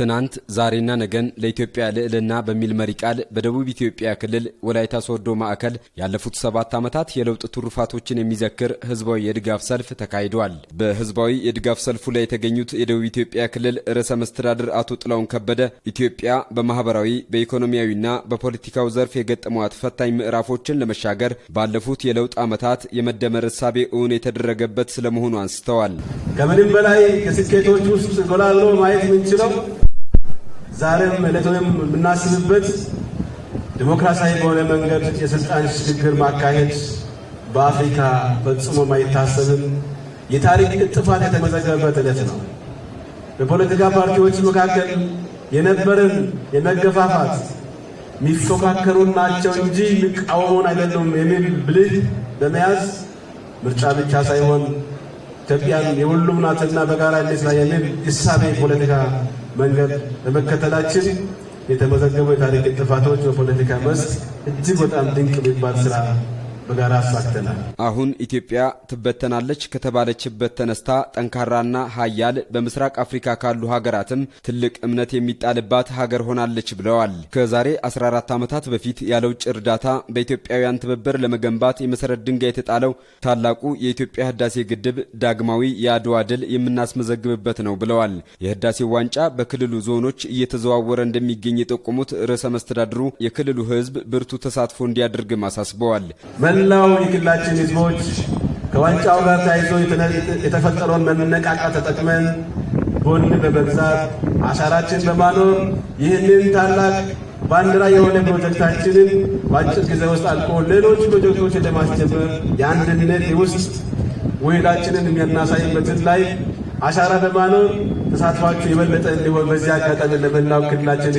ትናንት ዛሬና ነገን ለኢትዮጵያ ልዕልና በሚል መሪ ቃል በደቡብ ኢትዮጵያ ክልል ወላይታ ሶዶ ማዕከል ያለፉት ሰባት ዓመታት የለውጥ ትሩፋቶችን የሚዘክር ህዝባዊ የድጋፍ ሰልፍ ተካሂዷል። በህዝባዊ የድጋፍ ሰልፉ ላይ የተገኙት የደቡብ ኢትዮጵያ ክልል ርዕሰ መስተዳድር አቶ ጥላውን ከበደ ኢትዮጵያ በማህበራዊ በኢኮኖሚያዊና በፖለቲካው ዘርፍ የገጠሟት ፈታኝ ምዕራፎችን ለመሻገር ባለፉት የለውጥ ዓመታት የመደመር እሳቤ እውን የተደረገበት ስለመሆኑ አንስተዋል። ከምንም በላይ ከስኬቶች ውስጥ ጎላሎ ማየት ምንችለው ዛሬም ዕለትም የምናስብበት ዲሞክራሲያዊ በሆነ መንገድ የስልጣን ሽግግር ማካሄድ በአፍሪካ ፈጽሞ ማይታሰብም የታሪክ እጥፋት የተመዘገበበት ዕለት ነው። በፖለቲካ ፓርቲዎች መካከል የነበረን የመገፋፋት የሚፎካከሩ ናቸው እንጂ የሚቃወሙን አይደሉም የሚል ብልህ በመያዝ ምርጫ ብቻ ሳይሆን ኢትዮጵያን የሁሉም ናትና በጋራ እንስራ የሚል እሳቤ ፖለቲካ መንገድ በመከተላችን የተመዘገቡ የታሪክ ጥፋቶች በፖለቲካ መስክ እጅግ በጣም ድንቅ የሚባል ስራ በጋራ አሳክተናል። አሁን ኢትዮጵያ ትበተናለች ከተባለችበት ተነስታ ጠንካራና ሀያል በምስራቅ አፍሪካ ካሉ ሀገራትም ትልቅ እምነት የሚጣልባት ሀገር ሆናለች ብለዋል። ከዛሬ 14 ዓመታት በፊት ያለ ውጭ እርዳታ በኢትዮጵያውያን ትብብር ለመገንባት የመሰረት ድንጋይ የተጣለው ታላቁ የኢትዮጵያ ህዳሴ ግድብ ዳግማዊ የአድዋ ድል የምናስመዘግብበት ነው ብለዋል። የህዳሴው ዋንጫ በክልሉ ዞኖች እየተዘዋወረ እንደሚገኝ የጠቆሙት ርዕሰ መስተዳድሩ የክልሉ ህዝብ ብርቱ ተሳትፎ እንዲያደርግም አሳስበዋል። መላው የክልላችን ህዝቦች ከዋንጫው ጋር ተያይዞ የተፈጠረውን መነቃቃት ተጠቅመን ጎን በመግዛት አሻራችን በማኖር ይህንን ታላቅ ባንዲራ የሆነ ፕሮጀክታችንን በአጭር ጊዜ ውስጥ አልቆ ሌሎች ፕሮጀክቶችን ለማስጀመር የአንድነት ውስጥ ውህዳችንን የሚያናሳይበትን ላይ አሻራ በማኖር ተሳትፏቸው የበለጠ እንዲሆን በዚህ አጋጣሚ ለመላው ክልላችን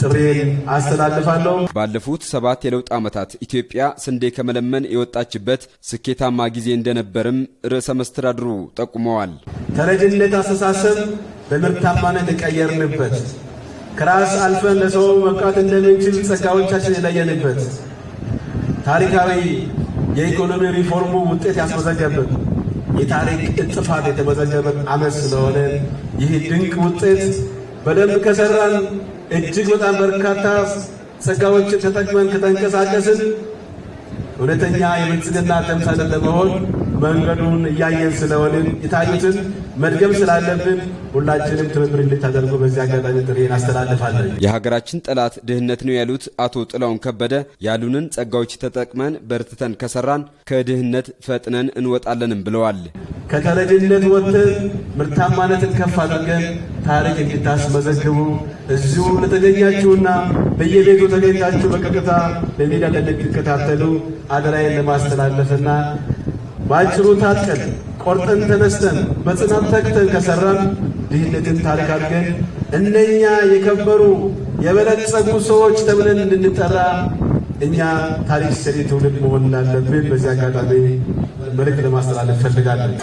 ጥሬን አስተላልፋለሁ። ባለፉት ሰባት የለውጥ ዓመታት ኢትዮጵያ ስንዴ ከመለመን የወጣችበት ስኬታማ ጊዜ እንደነበርም ርዕሰ መስተዳድሩ ጠቁመዋል። ተረጅነት አስተሳሰብ በምርታማነት የቀየርንበት፣ ከራስ አልፈን ለሰው መብቃት እንደምንችል ጸጋዎቻችን የለየንበት፣ ታሪካዊ የኢኮኖሚ ሪፎርሙ ውጤት ያስመዘገብን የታሪክ እጥፋት የተመዘገበ አመት ስለሆነ ይህ ድንቅ ውጤት በደንብ ከሰራን እጅግ በጣም በርካታ ጸጋዎችን ተጠቅመን ከተንቀሳቀስን እውነተኛ የብልጽግና ተምሳሌት ለመሆን መንገዱን እያየን ስለሆንን የታዩትን መድገም ስላለብን ሁላችንም ትብብር እንድታደርጉ በዚህ አጋጣሚ ጥሪ እናስተላልፋለን። የሀገራችን ጠላት ድህነት ነው ያሉት አቶ ጥላውን ከበደ ያሉንን ጸጋዎች ተጠቅመን በርትተን ከሰራን ከድህነት ፈጥነን እንወጣለንም ብለዋል። ከተረጅነት ወጥተን ምርታማነትን ከፍ አድርገን ታሪክ እንድታስመዘግቡ እዚሁ ለተገኛችሁና በየቤቱ ተገኝታችሁ በቀጥታ በሜዳ ለሚከታተሉ አደራዬን ለማስተላለፍና በአጭሩ ታጥቀን ቆርጠን ተነስተን በጽናት ተግተን ከሰራን ድህነትን ታሪክ አድርገን እነኛ የከበሩ የበለጸጉ ሰዎች ተብለን እንድንጠራ እኛ ታሪክ ሰሪ ትውልድ መሆን እንዳለብን በዚህ አጋጣሚ መልእክት ለማስተላለፍ ፈልጋለን።